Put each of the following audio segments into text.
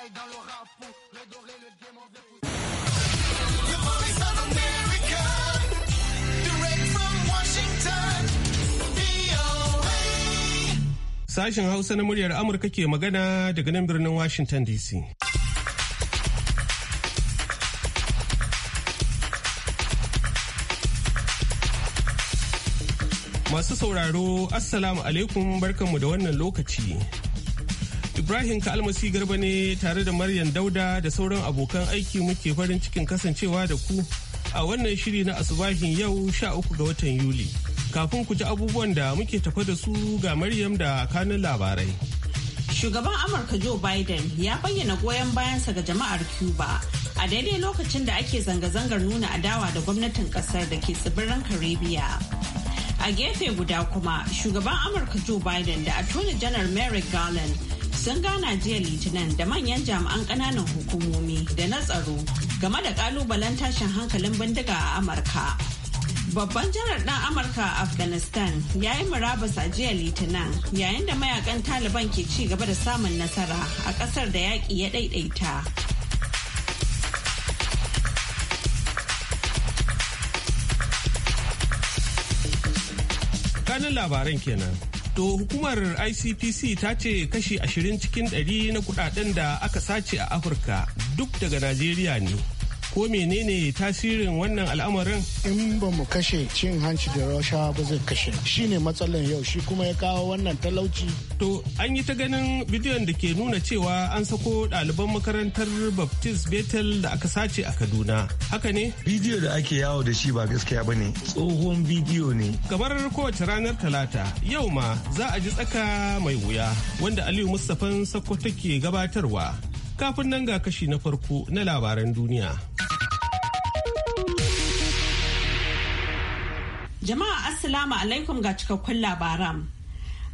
bataille dans le rap le le diamant, Sashen Hausa na muryar Amurka ke magana daga nan birnin Washington DC. Masu sauraro, Assalamu alaikum barkanmu da wannan lokaci. Ibrahim Kalmasi Garba ne tare da Maryam Dauda da sauran abokan aiki muke farin cikin kasancewa da ku a wannan shiri na asubahin yau sha uku ga watan Yuli. Kafin ku ji abubuwan da muke tafa da su ga Maryam da kanun labarai. Shugaban Amurka Joe Biden ya bayyana goyon bayansa ga jama'ar Cuba a daidai lokacin da ake zanga-zangar nuna adawa da gwamnatin kasar da ke tsibirin Caribbean. A gefe guda kuma, shugaban Amurka Joe Biden da Attorney General Merrick Garland sun gana jiya litinin da manyan jami'an ƙananan hukumomi da na tsaro game da ƙalubalen tashin hankalin bindiga a Amurka. Babban janar ɗan Amurka a Afghanistan ya yi murabus a jiya litinin yayin da mayakan Taliban ke ci gaba da samun nasara a ƙasar da yaƙi ya ɗaiɗaita. kanin labaran kenan To hukumar ICPC ta ce kashi 20 cikin 100 na kudaden da aka sace a Afirka duk daga Najeriya ne. ko menene tasirin wannan al'amarin in ba mu kashe cin hanci da Rasha ba zai kashe Shi ne matsalar yau shi kuma ya kawo wannan talauci to an yi ta ganin bidiyon da ke nuna cewa an sako ɗaliban makarantar baptist betel da aka sace a kaduna haka ne bidiyo da ake yawo da shi ba gaskiya ba ne. tsohon bidiyo ne kamar kowace ranar talata yau ma za a ji tsaka mai wuya wanda aliyu mustapha sakko take gabatarwa Kafin nan ga kashi na farko na labaran duniya. Jama'a Assalamu alaikum ga cikakkun labaran.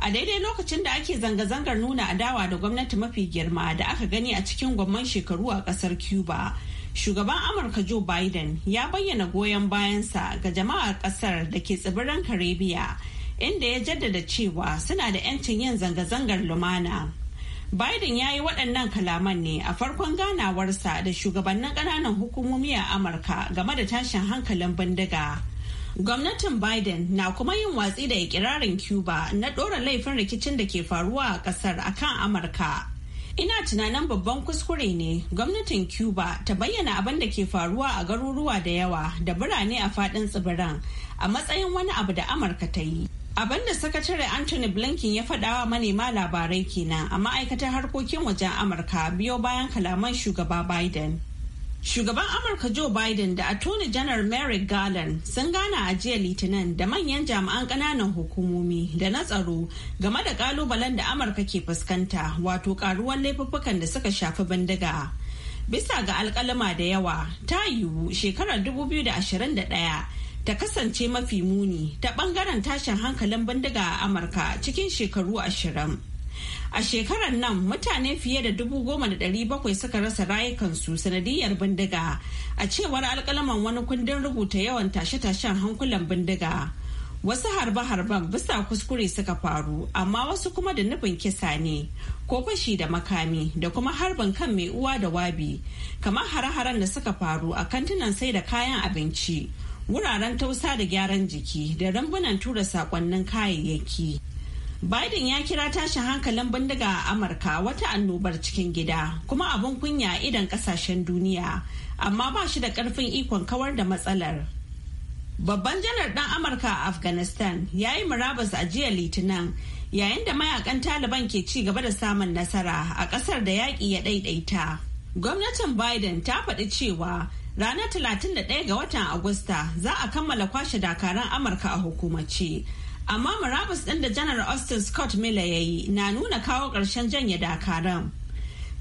A daidai lokacin da ake zanga-zangar nuna adawa da gwamnati mafi girma da aka gani a cikin gwamman shekaru a kasar Cuba. Shugaban Amurka Joe Biden ya bayyana goyon bayansa ga jama'ar kasar da ke tsibirin Karibiya, inda ya jaddada cewa suna da 'yancin yin zanga-zangar lumana. Biden ya yi waɗannan kalaman ne a farkon ganawarsa da shugabannin ƙananan hukumomi a Amurka game da tashin hankalin bindiga. Gwamnatin Biden na kuma yin watsi da ikirarin Cuba na ɗora laifin rikicin da ke faruwa a ƙasar akan Amurka. Ina tunanin babban kuskure ne gwamnatin Cuba ta bayyana abin da ke faruwa a garuruwa da yawa da birane a faɗin tsibiran a matsayin wani abu da Amurka ta yi. Abin da sakatare Anthony Blinken ya faɗawa manema labarai kenan a ma'aikatar harkokin wajen Amurka biyo bayan kalaman shugaba Biden. Shugaban Amurka Joe Biden da Attorney General Merrick Garland sun gana a jiya Litinin da manyan jami'an ƙananan hukumomi da na tsaro game da ƙalubalen da Amurka ke fuskanta wato ƙaruwar laifuffukan da suka shafi bindiga. Bisa ga alkalama da yawa, ta yiwu shekarar 2021 ta kasance mafi muni ta bangaren tashin hankalin bindiga a amurka cikin shekaru ashirin a shekarar nan mutane fiye da dubu goma da ɗari bakwai suka rasa rayukansu sanadiyar bindiga a cewar alkalaman wani kundin rubuta yawan tashe-tashen hankulan bindiga wasu harbe-harben bisa kuskure suka faru amma wasu kuma da nufin kisa ne ko fashi da makami da kuma harbin kan mai uwa da wabi kamar hare-haren da suka faru a kantinan sai da kayan abinci wuraren tausa da gyaran jiki da rambunan tura sakonnin kayayyaki. Biden ya kira tashin hankalin bindiga a Amurka wata annobar cikin gida kuma abin kunya idan kasashen duniya amma ba shi da karfin ikon kawar da matsalar. Babban janar ɗan Amurka a Afghanistan ya yi murabas a jiya Litinin yayin da mayakan Taliban ke ci gaba da samun nasara a ƙasar da yaƙi ya ɗaiɗaita. Gwamnatin Biden ta faɗi cewa Ranar 31 ga watan Agusta za a kammala kwashe dakaran Amurka a hukumace. Amma murabus ɗin da Janar Austin Scott Miller ya yi na nuna kawo ƙarshen janye dakaran.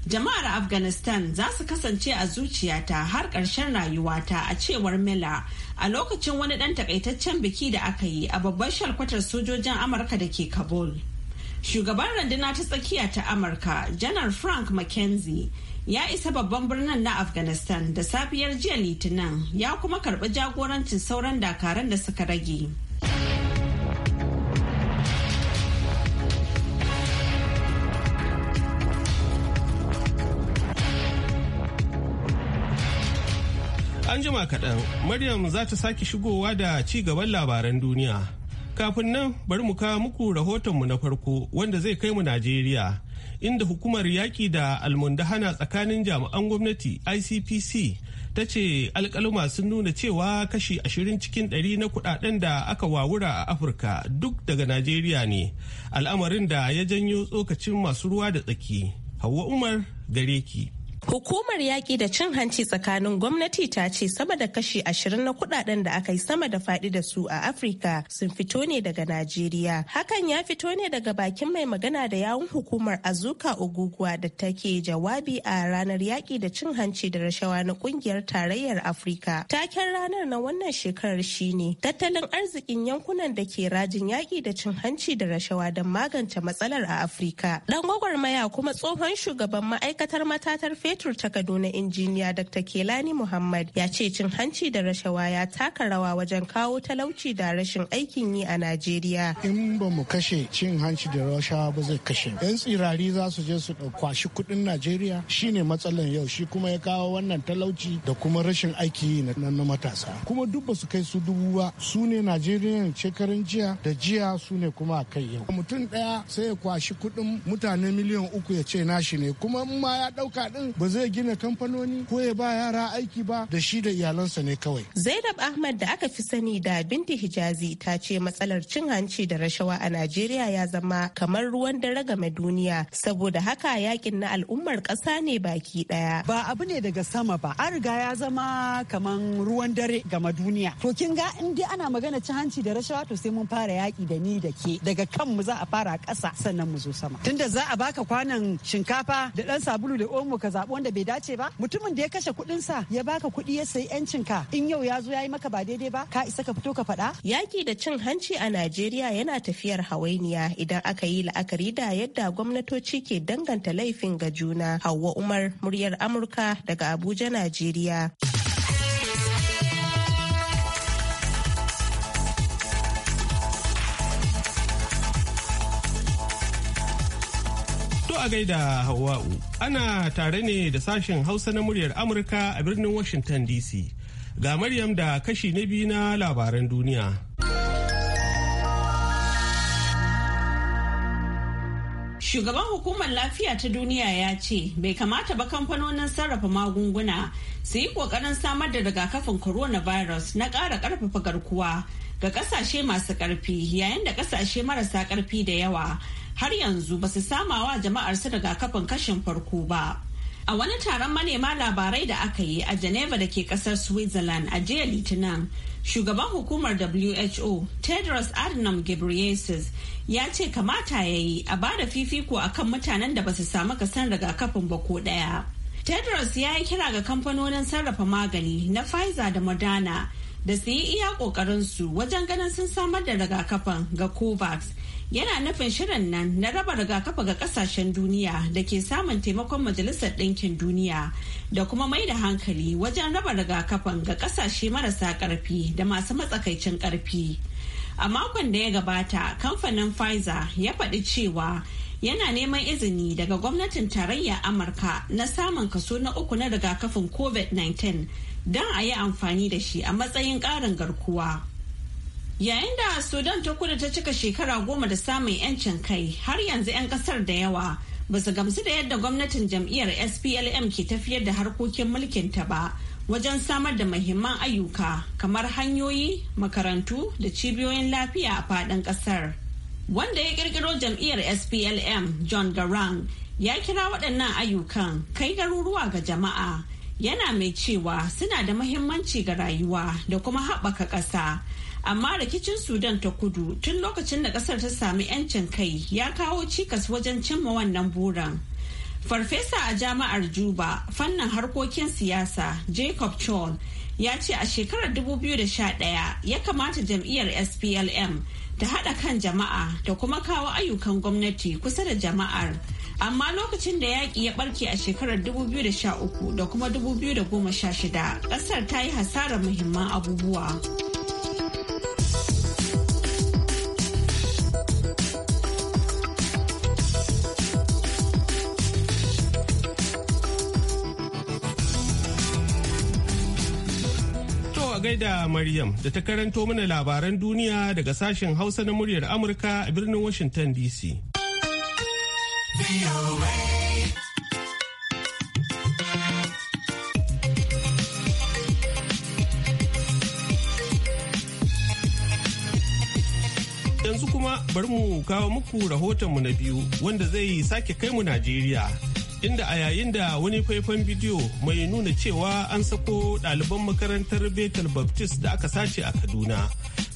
Jama'ar Afghanistan za su kasance a zuciyata har ƙarshen rayuwata a cewar Miller a lokacin wani ɗan takaitaccen biki da aka yi a babbar shalkwatar sojojin Amurka da ke Kabul. Shugaban randuna ta tsakiya ta Amurka, Janar Frank McKenzie ya isa babban birnin na afghanistan da safiyar jiya litinin ya kuma karbi jagorancin sauran dakaran da suka rage an jima kaɗan maryam za ta sake shigowa da ci gaban labaran duniya kafin nan bari mu kawo muku rahotonmu na farko wanda zai kai mu najeriya inda hukumar yaƙi da almundahana tsakanin jami'an gwamnati icpc ta ce alƙaluma sun nuna cewa kashi ashirin cikin ɗari na kudaden da aka wawura a afirka duk daga najeriya ne al'amarin da ya janyo tsokacin masu ruwa da tsaki hawa umar gare ki Hukumar yaƙi da cin hanci tsakanin gwamnati ta ce sama da kashi ashirin na kuɗaɗen da aka yi sama da faɗi da su a Afirka sun fito ne daga Najeriya. Hakan ya fito ne daga bakin mai magana da yawun hukumar Azuka Oguguwa da take jawabi a ranar yaƙi da cin hanci da rashawa na ƙungiyar tarayyar Afirka. Taken ranar na wannan shekarar shine tattalin arzikin yankunan da ke rajin yaƙi da cin hanci da rashawa don magance matsalar a Afirka. Ɗan gwagwarmaya kuma tsohon shugaban ma'aikatar matatar fetur fetur ta Kaduna injiniya Dr. Kelani Muhammad ya ce cin hanci da rashawa ya taka rawa wajen kawo talauci da rashin aikin yi a Najeriya. In ba mu kashe cin hanci da rashawa ba zai kashe. Yan tsirari za su je su kwashi kuɗin Najeriya shine matsalan yau shi kuma ya kawo wannan talauci da kuma rashin aiki na matasa. Kuma duk ba su kai su dubu ba su ne Najeriya shekarun jiya da jiya su ne kuma a kai yau. Mutum ɗaya sai ya kwashi kuɗin mutane miliyan uku ya ce nashi ne kuma in ma ya ɗauka ɗin ba zai gina kamfanoni ko ya ba yara aiki ba da shi da iyalansa ne kawai. Zainab Ahmad da aka fi sani da Binti Hijazi ta ce matsalar cin hanci da rashawa a Najeriya ya zama kamar ruwan dare game duniya saboda haka yakin na al'ummar ƙasa ne baki ɗaya. Ba abu ne daga sama ba an riga ya zama kamar ruwan dare game duniya. To kin ga in dai ana magana cin hanci da rashawa to sai mun fara yaki da ni da ke daga kanmu za a fara ƙasa sannan mu zo sama. Tunda za a baka kwanan shinkafa da ɗan sabulu da omo ka abu wanda bai dace ba mutumin da ya kashe kuɗinsa ya baka kuɗi ya sayi ka in yau ya zo ya yi maka ba daidai ba ka isa ka fito ka faɗa. Yaki da cin hanci a Najeriya yana tafiyar hawainiya idan aka yi la'akari da yadda gwamnatoci ke danganta laifin ga juna. Hauwa Umar muryar Amurka daga Abuja, Najeriya. gaida Hawa'u. Ana tare ne da sashen Hausa na muryar Amurka a birnin Washington DC. Ga Maryam da kashi na biyu na labaran duniya. Shugaban hukumar lafiya ta duniya ya ce bai kamata ba kamfanonin sarrafa magunguna su yi kokarin samar da rigakafin coronavirus na ƙara ƙarfafa garkuwa ga ƙasashe masu ƙarfi yayin da ƙasashe marasa ƙarfi da yawa har yanzu ba su sama wa jama'ar su rigakafin kashin farko ba. A wani taron manema labarai da aka yi a Geneva da ke kasar Switzerland a jiya Litinin, shugaban hukumar WHO Tedros Adhanom Ghebreyesus ya ce kamata ya yi a ba da fifiko kan mutanen da ba su samu kasan rigakafin ba ko ɗaya. Tedros ya yi kira ga kamfanonin sarrafa magani na Pfizer da Moderna da su yi iya ƙoƙarinsu wajen ganin sun samar da rigakafin ga COVAX yana nufin shirin nan na raba rigakafi ga kasashen duniya da ke samun taimakon majalisar ɗinkin duniya da kuma mai da hankali wajen raba rigakafin ga kasashe marasa ƙarfi da masu matsakaicin ƙarfi a makon da ya gabata kamfanin pfizer ya faɗi cewa yana neman izini daga gwamnatin tarayya amurka na samun kaso na uku na rigakafin covid-19 don a yi amfani da shi a matsayin ƙarin garkuwa. Yayin da Sudan ta kudu ta cika shekara goma da samun 'yancin kai har yanzu 'yan kasar da yawa ba su gamsu da yadda gwamnatin jam'iyyar SPLM ke tafiyar da harkokin mulkin ta ba wajen samar da mahimman ayyuka kamar hanyoyi, makarantu da cibiyoyin lafiya a fadin kasar. Wanda ya kirkiro jam'iyyar SPLM John Garang ya kira waɗannan ayyukan kai garuruwa ga jama'a yana mai cewa suna da mahimmanci ga rayuwa da kuma haɓaka ƙasa. amma rikicin sudan ta kudu tun lokacin da kasar ta sami 'yancin kai ya kawo cikas wajen cimma wannan buran farfesa a jama'ar juba fannin harkokin siyasa jacob chol ya ce a shekarar 2011 ya kamata jam'iyyar splm ta haɗa kan jama'a da kuma kawo ayyukan gwamnati kusa da jama'ar amma lokacin da yaƙi ya ɓarke a shekarar 2013 da kuma 2016 ƙasar ta yi hasarar muhimman abubuwa. da Maryam da ta karanto mana labaran duniya daga sashen Hausa na muryar Amurka a birnin Washington DC. Yanzu kuma bari mu kawo muku rahotonmu na biyu wanda zai sake kai mu Najeriya. inda a yayin da wani faifan bidiyo mai nuna cewa an sako ɗaliban makarantar betel baptist da aka sace a kaduna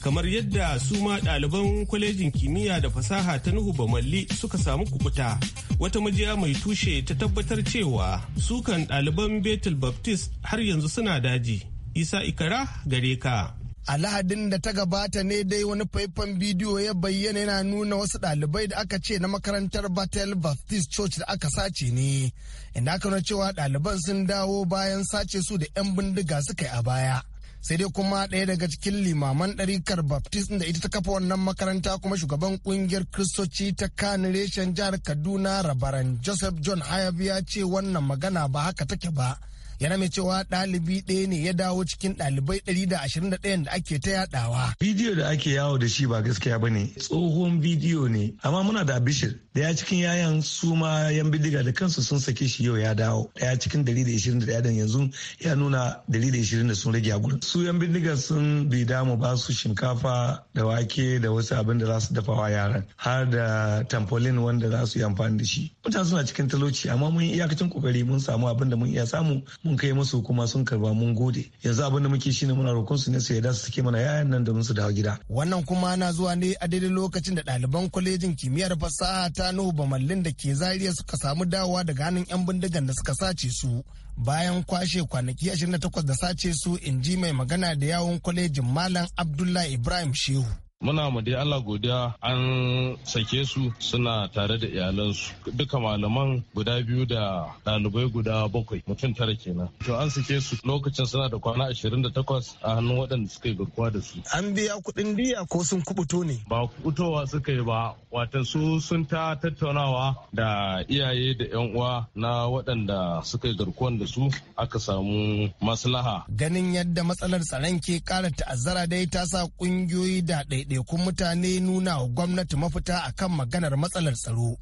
kamar yadda su ma ɗaliban kwalejin kimiyya da fasaha ta nuhu bamalli suka samu kubuta wata majiya mai tushe ta tabbatar cewa sukan ɗaliban betel baptist har yanzu suna daji isa ikara gare ka A lahadin da ta gabata ne dai wani faifan bidiyo ya bayyana yana nuna wasu dalibai da aka ce na makarantar battle Baptist Church da aka sace ne, inda aka nuna cewa daliban sun dawo bayan sace su da 'yan bindiga suka yi a baya. sai dai kuma ɗaya daga cikin limaman ɗarikar baptist da ita ta kafa wannan makaranta kuma shugaban kungiyar kristoci ta kan reshen jihar kaduna rabaran joseph john hayab ya ce wannan magana ba haka take ba yana mai cewa ɗalibi ɗaya ne ya dawo cikin ɗalibai 121 da ake ta yadawa. Bidiyo da ake yawo da shi ba gaskiya ba ne tsohon bidiyo ne amma muna da bishir daya cikin yayan su ma yan bidiga da kansu sun sake shi yau ya dawo daya cikin 121 da yanzu ya nuna 120 da sun rage a gurin. Su yan bindiga sun bi damu ba su shinkafa da wake da wasu abin da za su dafa wa yaran har da tampolin wanda za su yi amfani da shi. Mutane suna cikin talauci amma mun iyakacin kokari mun samu abin da mun iya samu mun kai musu kuma sun karba mun gode yanzu abin da muke shine muna roƙon su ne su yarda su sake mana yayan nan da mun su dawo gida wannan kuma na zuwa ne a daidai lokacin da ɗaliban kwalejin kimiyyar fasaha ta Nuhu Bamallin da ke zariya suka samu dawowa daga hannun 'yan bindigan da suka sace su bayan kwashe kwanaki 28 da sace su in ji mai magana da yawon kwalejin Malam Abdullahi Ibrahim Shehu. muna mu dai Allah godiya an sake su suna tare da iyalansu duka malaman guda biyu da ɗalibai guda bakwai mutum tara kenan to an sake su lokacin suna da kwana 28 a hannun waɗanda suka yi garkuwa da su an biya kuɗin diya ko sun kubuto ne ba kubutowa suka yi ba watan su sun ta tattaunawa da iyaye da yan uwa na waɗanda suka yi garkuwan da su aka samu maslaha ganin yadda matsalar tsaron ke kara ta'azzara dai ta sa ƙungiyoyi da ɗaiɗai ɗaiɗaikun mutane nuna wa gwamnati mafita akan maganar matsalar tsaro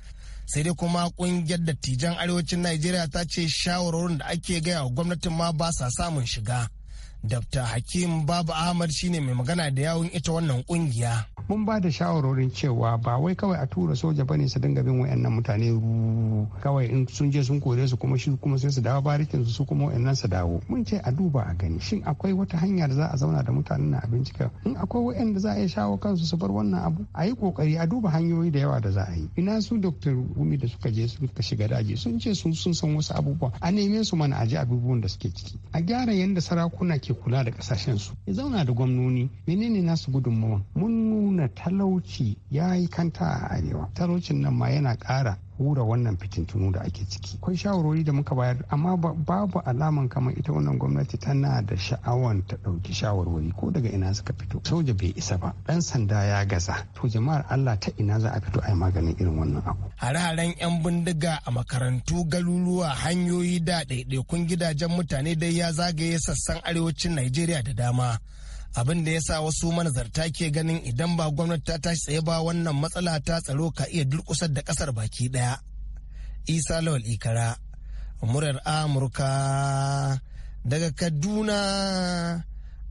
sai dai kuma ƙungiyar dattijan arewacin najeriya ta ce shawarorin da ake gaya wa gwamnatin ma ba sa samun shiga Dr. Hakim Babu Ahmad shine mai magana da yawun ita wannan ƙungiya. mun ba da shawarorin cewa ba wai kawai a tura soja bane su dinga bin wayannan mutane kawai in sun je sun kore su kuma shi kuma sai su dawo barikin su kuma wayannan su dawo mun ce a duba a gani shin akwai wata hanya da za a zauna da mutanen na a bincika in akwai wayanda za a iya shawo kansu su bar wannan abu a yi kokari a duba hanyoyi da yawa da za a yi ina su dr gumi da suka je suka shiga daji sun ce sun sun san wasu abubuwa a neme su mana a ji abubuwan da suke ciki a gyara yadda sarakuna ke kula da kasashen su ya zauna da gwamnoni menene nasu gudunmawa mun nuna talauci ya yi kanta a arewa talaucin nan ma yana ƙara hura wannan fitintunu da ake ciki akwai shawarwari da muka bayar amma babu alaman kamar ita wannan gwamnati tana da sha'awar ta ɗauki shawarwari ko daga ina suka fito soja bai isa ba ɗan sanda ya gaza to jama'ar Allah ta ina za a fito a yi maganin irin wannan abu hare-haren yan bindiga a makarantu garuruwa hanyoyi da ɗaiɗaikun gidajen mutane dai ya zagaye sassan arewacin Najeriya da dama abin da ya sa wasu manazarta ke ganin idan ba gwamnati ta tashi tsaye ba wannan matsala ta tsaro ka iya durkusar da kasar baki daya isa lawal ikara murar amurka daga kaduna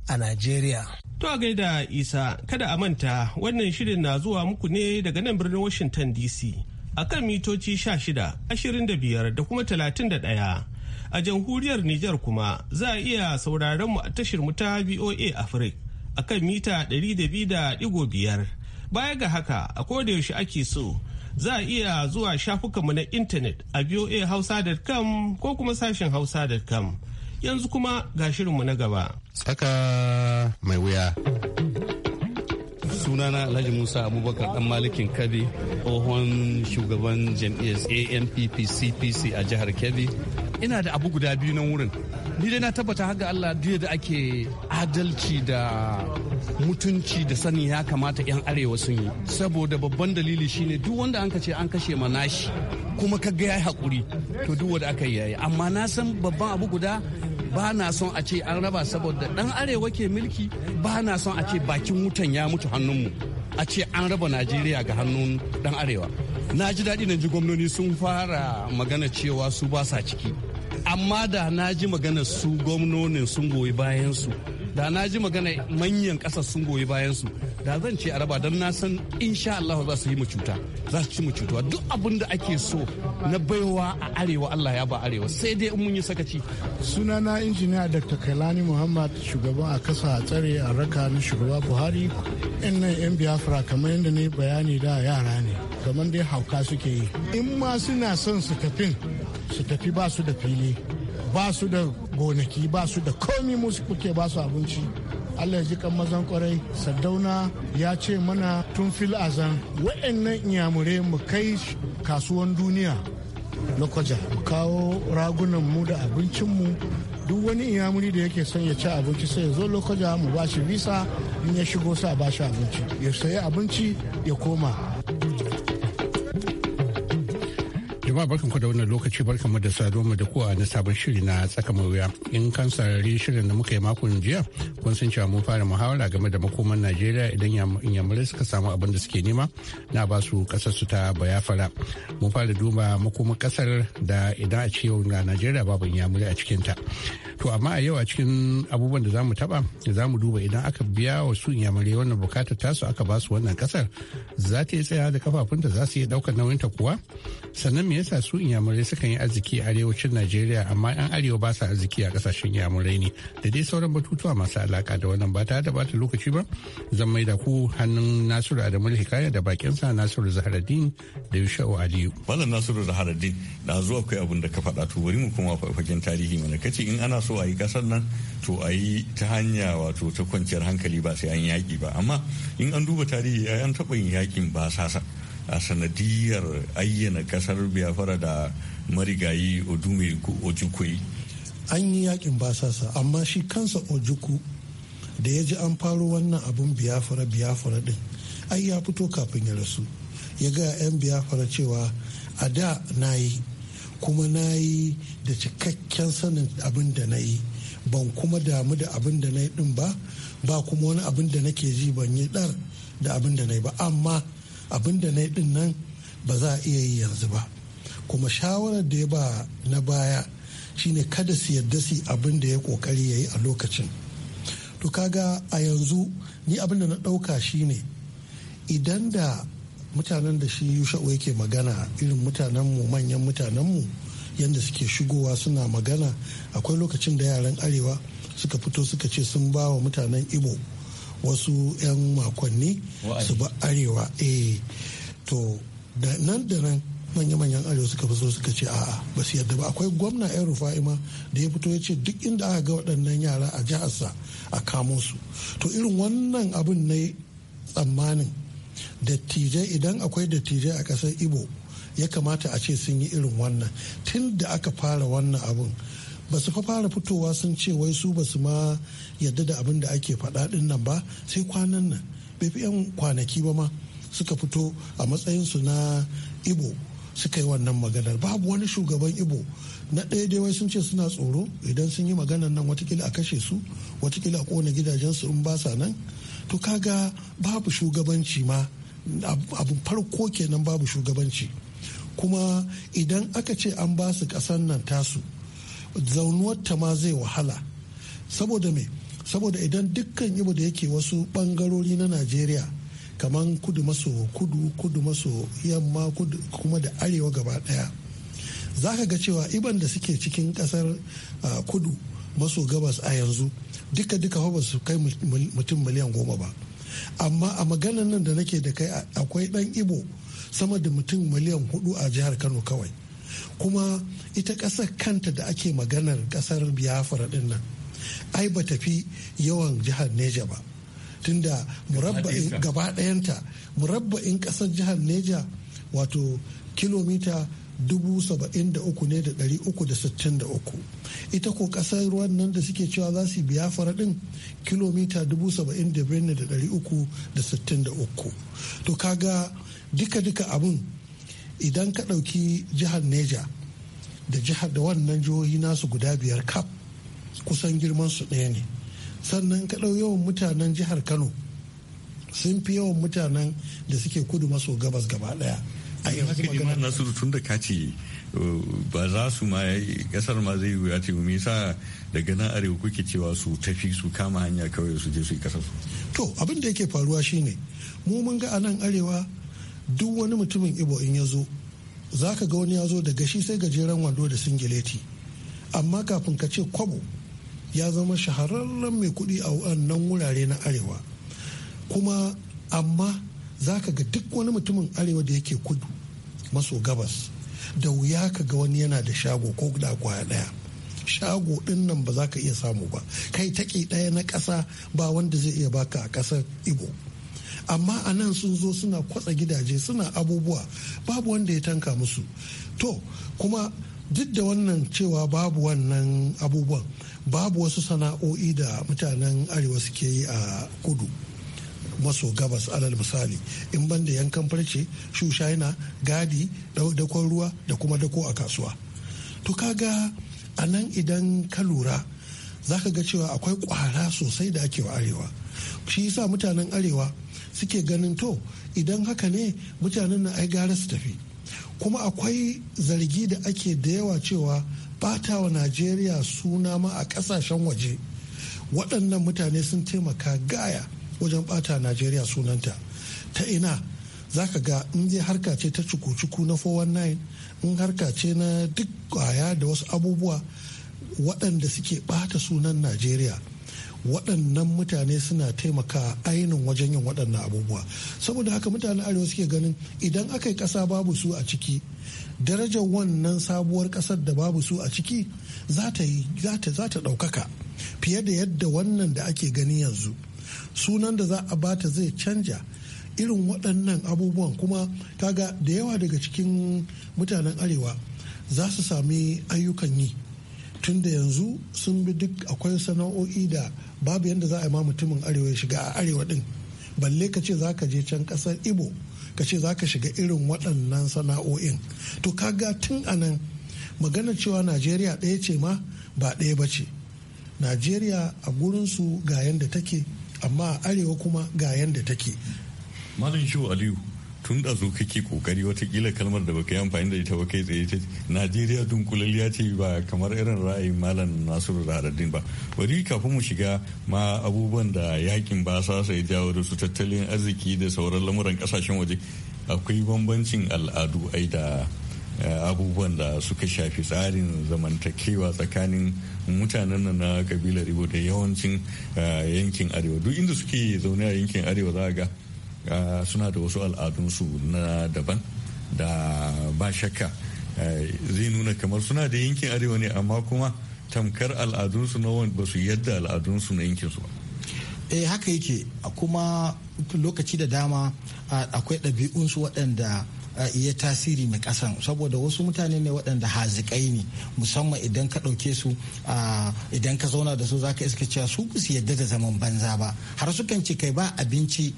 a Najeriya. To gaida Isa kada a manta wannan shirin na zuwa muku ne daga nan birnin Washington DC akan kan mitoci 16, 25 da kuma 31. A jamhuriyar Nijar kuma za a iya sauraron mu a tashar mu ta VOA Africa a kan mita 200.5. Baya ga haka a koda yaushe ake so za a iya zuwa mu na intanet a voahausa.com ko kuma sashen hausa.com. Yanzu kuma ga shirinmu na gaba. Tsaka mai wuya. sunana alhaji musa abubakar dan malikin kebbi tsohon shugaban jam'iyyar anpp cpc a jihar kebbi ina da abu guda biyu na wurin ni dai na tabbata haka Allah duya da ake adalci da mutunci da sani ya kamata yan arewa sun yi saboda babban dalili shine duk wanda an ce an kashe ma nashi kuma ka ga yayi hakuri to duk wanda aka yi yayi amma na san babban abu guda ba na son a ce an raba saboda dan arewa ke mulki ba na son a ce bakin wutan ya mutu hannunmu a ce an raba najeriya ga hannun dan arewa na ji daɗi na ji gwamnoni sun fara magana cewa su ba sa ciki amma da na ji magana su gwamnonin sun goyi bayan su da na ji magana manyan ƙasa sun goyi bayan da zan ce a don na san insha Allah za su yi mu cuta za su ci mu cutuwa duk abin da ake so na baiwa a arewa Allah ya ba arewa sai dai in mun yi sakaci sunana injiniya Dr. Kailani Muhammad shugaban a kasa a tsare a raka na shugaba Buhari in nan yan Biafra kamar yadda ne bayani da yara ne kamar dai hauka suke yi in ma suna son su tafin su tafi ba su da fili ba su da gonaki ba su da komi musu kuke ba su abinci Allah ya ji kan mazan kwarai Sardauna ya ce mana tun fil azan wa'annan iyamure mu kai kasuwan duniya lokaja mu kawo ragunan mu da abincin mu duk wani inyamuri da yake son ya ci abinci sai ya zo lokaja mu ba shi visa in ya shigo sa ba shi abinci ya sayi abinci ya koma jama'a barkan ku da wannan lokaci barkan mu da saduwa mu da ku na sabon shiri na tsaka wuya in kan sarari shirin da muka yi makon jiya kun san cewa mun fara muhawara game da makoman najeriya idan inyamurai suka samu abin da suke nema na ba su kasar su ta bayafara mun fara duba makoman kasar da idan a cewa na najeriya babu inyamurai a cikin ta to amma a yau a cikin abubuwan da zamu taba zamu duba idan aka biya wa su inyamurai wannan bukatar tasu aka ba su wannan kasar za ta yi tsaya da kafafunta za su iya daukar ta kuwa sannan me yasa su inyamurai sukan yi arziki a arewacin najeriya amma yan arewa ba sa arziki a kasashen inyamurai ne da dai sauran batutuwa masu alaka da wannan ba tare da bata lokaci ba zan mai da ku hannun nasiru adamu hikaya da bakin bakinsa nasiru zaharaddin da yusha'u aliyu wannan nasiru zaharaddin na zuwa kai abin da ka faɗa to bari mu kuma fagen tarihi mana kace in ana so a yi kasar nan to a yi ta hanya wato ta kwanciyar hankali ba sai an yaƙi ba amma in an duba tarihi an taɓa yin yaƙin ba sasa a sanadiyar ayyana kasar biafra da marigayi odume ojukwai. an yi yakin basasa amma shi kansa ojuku da ya ji an faro wannan abin biyafara biyafara din ai ya fito kafin ya rasu ya ga 'yan biyafara cewa a da na yi kuma na yi da cikakken sanin abin da na yi ban kuma damu da abin da na yi din ba ba kuma wani abin da nake ji ban yi dar da abin da na yi ba amma abinda na yi din nan ba za a iya yi yanzu ba kuma shawarar da ya ba na baya shine kada su yadda su abin da ya kokari ya yi a lokacin to kaga a yanzu ni abin da na ɗauka shine idan da mutanen da shi yusha'u yake magana irin mutanenmu manyan mutanenmu yadda suke shigowa suna magana akwai lokacin da yaran arewa suka fito suka ce sun ba wa mutanen ibo wasu 'yan makonni su ba arewa eh to da nan da nan manya-manyan arewa suka fito suka ce a'a ba su yadda ba akwai gwamna yan rufa'i ma da ya fito ya ce duk inda aka ga waɗannan yara a jiharsa a kamo su to irin wannan abin ne tsammanin dattijai idan akwai dattijai a ƙasar ibo ya kamata a ce sun yi irin wannan tun da aka fara wannan abin ba su fara fitowa sun ce wai su ba su ma yadda da abin da ake faɗa ɗin nan ba sai kwanan nan bai fi 'yan kwanaki ba ma suka fito a matsayinsu na ibo suka yi wannan maganar babu wani shugaban ibo na ɗaya dai wai sun ce suna tsoro idan sun yi maganar nan watakila a kashe su watakila a kona gidajensu in ba sa nan to kaga babu shugabanci ma abu farko kenan babu shugabanci kuma idan aka ce an ba su ƙasar nan tasu zaunuwarta ma zai wahala saboda me saboda idan dukkan ibo da yake wasu bangarori na najeriya kamar kudu maso kudu kudu maso yamma kudu kuma da arewa gaba daya za ka ga cewa iban da suke cikin kasar kudu maso gabas a yanzu duka duka ba su kai mutum miliyan goma ba amma a maganar nan da nake da kai akwai dan ibo sama da mutum miliyan hudu a jihar kano kawai kuma ita ƙasar kanta da ake maganar ƙasar biafra din nan ai ba tafi yawan jihar neja ba tunda murabba'in gaba ɗayanta murabba'in ƙasar jihar neja wato kilomita da ne uku. ita ko kasar ruwan nan da suke cewa za su biya faradin kilomita da uku. to kaga duka-duka abin idan ka ɗauki jihar neja da jihar da wannan jihohi nasu guda biyar kaf kusan girman su ɗaya ne sannan ka ɗau yawan mutanen jihar kano sun fi yawan mutanen da suke kudu maso gabas gaba ɗaya a yanzu nasiru tun da kaci uh, ba za su ma kasar ma zai wuya ce me yasa daga nan arewa kuke cewa su tafi su kama hanya kawai su je su yi kasar to abin da yake faruwa shine mu mun ga a nan arewa duk wani mutumin ibo in ya zo za ka ga wani ya zo daga shi sai gajeren wando da singileti amma kafin ka ce kwabo ya zama shahararren mai kuɗi a wannan wurare na arewa kuma amma za ka ga duk wani mutumin arewa da yake kudu maso gabas da wuya ka ga wani yana da shago ko da kwaya ɗaya shago ɗin nan ba za ka iya samu ba kai take ɗaya na ƙasa ba wanda zai iya baka a ƙasar ibo amma a nan sun zo suna kwatsa gidaje suna abubuwa babu wanda ya tanka musu to kuma duk da wannan cewa babu wannan abubuwan babu wasu sana'o'i da mutanen arewa suke yi a kudu maso gabas alal misali in banda yankan farce shushaina gadi dakon ruwa da kuma dako a kasuwa to kaga a nan idan ka lura za ka ga cewa akwai kwara sosai da ake wa arewa shi yasa mutanen arewa suke ganin to idan haka ne mutanen na ai gara su tafi kuma akwai zargi da ake da yawa cewa bata wa najeriya suna ma a kasashen waje waɗannan mutane sun taimaka gaya wajen bata najeriya sunanta ta ina za ka ga in zai harka ce ta cuku-cuku na 419 in harka ce na duk kwaya da wasu abubuwa waɗanda suke bata sunan najeriya waɗannan mutane suna taimaka ainihin wajen yin waɗannan abubuwa saboda haka mutanen arewa suke ganin idan aka yi ƙasa babu su a ciki darajar wannan sabuwar ƙasar da babu su a ciki za ta ɗaukaka fiye da yadda wannan da ake gani yanzu sunan da za a bata zai canja irin waɗannan abubuwan kuma kaga da yawa daga cikin mutanen arewa za su sami ayyukan yi tun da yanzu sun bi duk akwai sana'o'i da babu yadda za a yi ma mutumin arewa ya shiga a arewa din balle ka ce za ka je can kasar ibo ka ce za ka shiga irin waɗannan sana'o'in to kaga tun a nan magana cewa najeriya ɗaya ce ma ba ɗaya ba ce najeriya a gurinsu ga yadda take amma a arewa kuma ga yadda take malam aliyu tun da zo kake kokari watakila kalmar da baka yi amfani da ita ba kai tsaye ta najeriya dunkulaliya ce ba kamar irin ra'ayin malam nasiru radadin ba bari kafin mu shiga ma abubuwan da yakin ba sa sai jawo da su tattalin arziki da sauran lamuran kasashen waje akwai bambancin al'adu ai da eh, abubuwan da suka shafi tsarin zamantakewa tsakanin mutanen nan na kabilar ibo da yawancin eh, yankin arewa duk inda suke zaune a yankin arewa za a ga Uh, suna da wasu al'adunsu na daban da ba shakka uh, zai nuna kamar suna da yankin arewa ne amma kuma tamkar al'adunsu na wani basu yadda al'adunsu na yankinsu ba eh haka yake kuma lokaci da dama uh, akwai ɗabi'unsu waɗanda iya tasiri mai kasan saboda wasu mutane ne waɗanda hazikai ne musamman idan ka ɗauke su idan ka zauna da su za ka iska cewa su su yadda da zaman banza ba har su kan ce kai ba abinci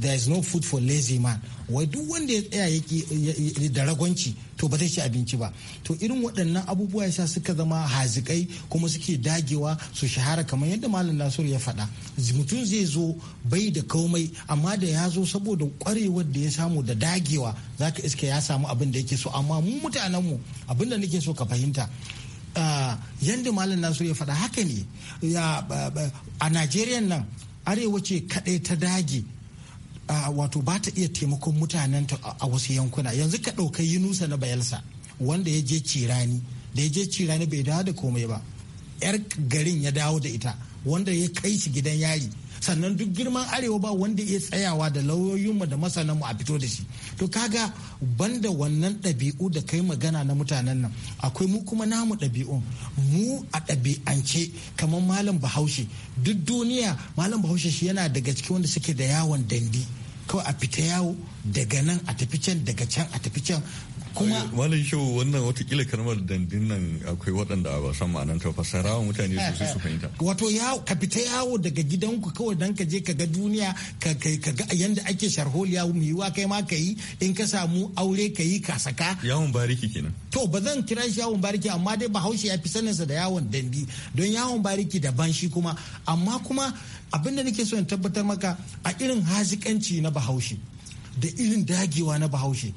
there is no food for lazy man wai duk wanda ya tsaya da ragwanci to ba zai ci abinci ba to irin waɗannan abubuwa ya sa suka zama hazikai kuma suke dagewa su shahara kamar yadda malam nasiru ya faɗa mutum zai zo bai da komai amma da ya zo saboda kwarewar da ya samu da dagewa za ka iske ya samu abin da yake so amma mu mutanen mu abin da nake so ka fahimta yadda malam nasu ya faɗa haka ne a najeriya nan arewa ce kaɗai ta dage wato ba ta iya taimakon mutanen ta a wasu yankuna yanzu ka ɗauka nusa na bayelsa wanda ya je cirani da ya je cirani bai dawo da komai ba yar garin ya dawo da ita wanda ya kai shi gidan yari sannan duk girman arewa ba wanda ya tsayawa da lauyoyinmu da masananmu a fito da shi to kaga banda wannan ɗabi'u da kai magana na mutanen nan akwai mu kuma namu ɗabi'un mu a ɗabi'ance kamar malam bahaushe duk duniya malam bahaushe shi yana daga cikin wanda suke da yawon dandi kawai a fita yawo daga nan a tafi can daga can a tafi can kuma malin shehu wannan watakila kalmar dandin nan akwai waɗanda ba san ma'anar ta fassara wa mutane su su fahimta eh, eh. wato ya ka fita yawo daga gidanku kawai dan ka je ka ga duniya ka ka ga yanda ake sharholiya mu yiwa kai ma ka in ka samu aure ka yi ka saka yawon bariki kenan to ba zan kira shi yawon bariki amma dai bahaushe ya fi saninsa da yawon dandi don yawon bariki daban shi kuma amma kuma abin da nake so in tabbatar maka a irin hazikanci na bahaushe da irin dagewa na bahaushe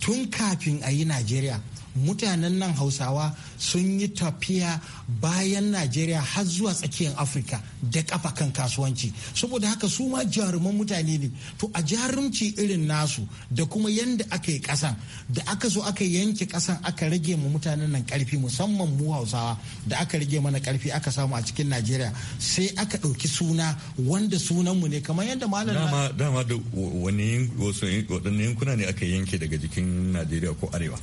tun kafin a yi najeriya mutanen nan hausawa sun yi tafiya bayan najeriya har zuwa tsakiyar afirka da kafa kan kasuwanci saboda haka su ma jaruman mutane ne to a jarumci irin nasu da kuma yadda aka yi kasan da aka zo aka yanke kasan aka rage mu mutanen nan karfi musamman mu hausawa da aka rage mana karfi aka samu a cikin najeriya sai aka ɗauki suna wanda sunan mu ne kamar yadda malam dama dama da wani wasu yankuna ne aka yanke daga jikin najeriya ko arewa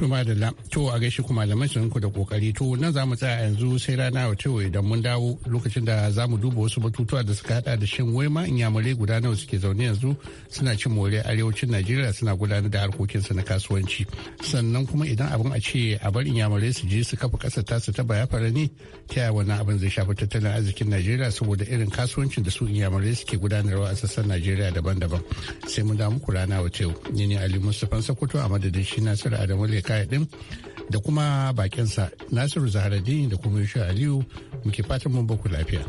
To madalla, to a gaishe ku kuma da ku da kokari to nan zamu tsaya yanzu sai rana wa cewa idan mun dawo lokacin da zamu duba wasu batutuwa da suka hada da shin wai ma inyamurai guda nawa suke zaune yanzu suna cin more arewacin Najeriya suna gudanar da harkokin su na kasuwanci. Sannan kuma idan abin a ce a bar inyamurai su je su kafa kasa tasu ta fara ne ta yaya wannan abin zai shafi tattalin arzikin Najeriya saboda irin kasuwancin da su inyamurai suke gudanarwa a sassan Najeriya daban-daban. Sai mun da ku rana wa cewa ni ne Ali Mustapha Sokoto a madadin shi Nasiru Adamu Leka kaya din da kuma bakinsa nasiru zaharaddini da kuma yusha aliyu muke fatan mun baku lafiya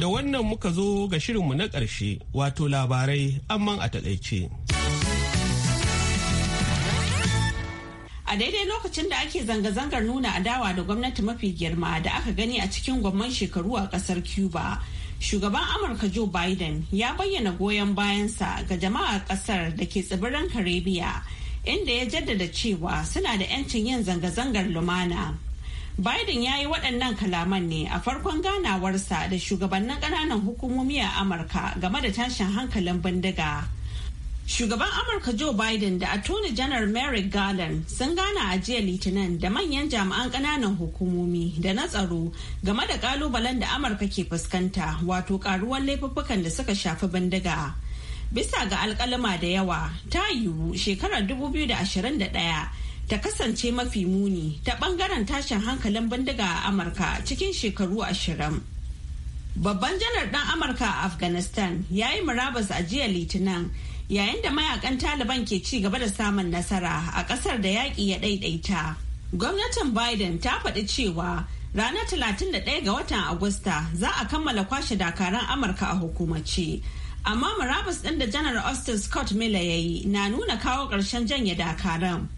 da wannan muka zo ga shirinmu na ƙarshe wato labarai amman a taƙaice. a daidai lokacin da ake zanga-zangar nuna adawa da gwamnati mafi girma da aka gani a cikin gwamman shekaru a ƙasar cuba Shugaban Amurka Joe Biden ya bayyana goyon bayansa ga jama'ar kasar da ke tsibirin Karibiya, inda ya jaddada cewa suna da 'yancin yin zanga-zangar lumana. Biden ya yi waɗannan kalaman ne a farkon ganawarsa da shugabannin ƙananan hukumomi a Amurka game da tashin hankalin bindiga. Shugaban Amurka Joe Biden da Attorney General Merrick Garland sun gana a jiya Litinin da manyan jami'an ƙananan hukumomi da na tsaro game da ƙalubalen da Amurka ke fuskanta wato ƙaruwar laifuffukan da suka shafi bindiga. Bisa ga alƙalima da yawa, ta yiwu shekarar 2021 ta kasance mafi muni ta ɓangaren tashin hankalin bindiga a Amurka cikin shekaru ashirin. Babban janar ɗan Amurka a Afghanistan ya yi murabas a jiya Litinin. yayin da mayakan taliban ke ci gaba da samun nasara a kasar da yaƙi ya ɗaiɗaita gwamnatin biden ta faɗi cewa ranar 31 ga watan agusta za a kammala kwashe dakaran amurka a hukumace amma murabus ɗin da janar austin scott miller ya yi na nuna kawo ƙarshen janye dakaran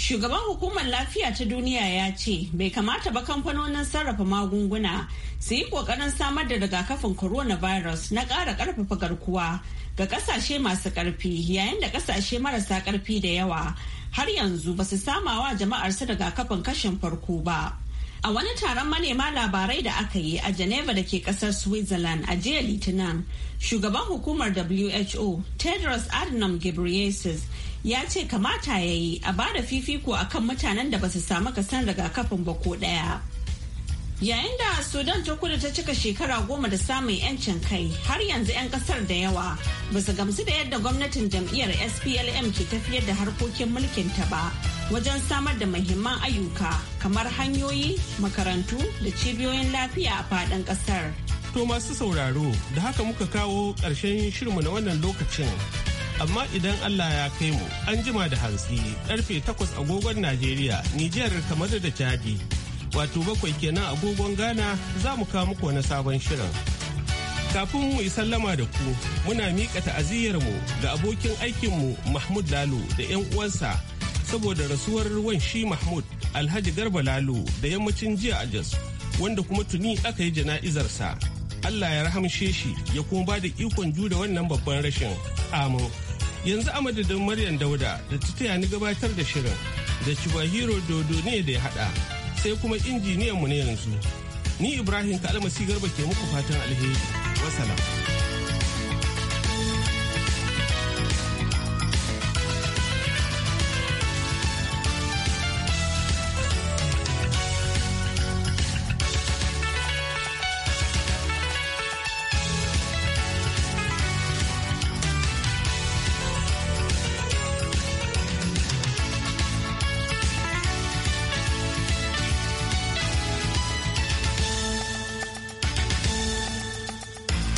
Shugaban hukumar lafiya ta duniya ya ce bai kamata ba kamfanonin sarrafa magunguna su yi kokarin samar da rigakafin coronavirus na ƙara ƙarfafa garkuwa ga ƙasashe masu ƙarfi yayin da ƙasashe marasa ƙarfi da yawa har yanzu ba su samawa jama'ar su rigakafin kashin farko ba. A wani taron manema labarai da aka yi a Geneva da ke kasar Switzerland a jiya Litinin, shugaban hukumar WHO Tedros Adhanom Ghebreyesus ya ce kamata ya yi a bada fifiko akan mutanen da ba su samu kasan rigakafin ba ko ɗaya. Yayin da Sudan ta kudu ta cika shekara goma da samun 'yancin kai har yanzu 'yan kasar da yawa ba su gamsu da yadda gwamnatin jam'iyyar SPLM ke tafiyar da harkokin mulkin ta ba wajen samar da mahimman ayyuka kamar hanyoyi, makarantu da cibiyoyin lafiya a faɗin kasar. To masu sauraro da haka muka kawo ƙarshen shirinmu na wannan lokacin. amma idan Allah ya kai mu an jima da hantsi karfe 8 agogon Najeriya, Nijar kamar da Chadi wato bakwai kenan agogon Ghana za mu kawo muku wani sabon shirin. Kafin mu yi sallama da ku muna miƙa ta'aziyyarmu ga abokin aikinmu Mahmud Lalo da 'yan uwansa saboda rasuwar ruwan shi Mahmud Alhaji Garba Lalo da yammacin jiya a Jos wanda kuma tuni aka yi jana'izarsa. Allah ya rahamshe shi ya kuma ba da ikon jure wannan babban rashin. Amin. Yanzu a madadin Maryam Dauda da ta taya ni gabatar da shirin da Chibahiro Dodo ne da ya haɗa. sai kuma injiniyanmu na yanzu ni ibrahim kalmasi garba ke muku fatan alheri wasala.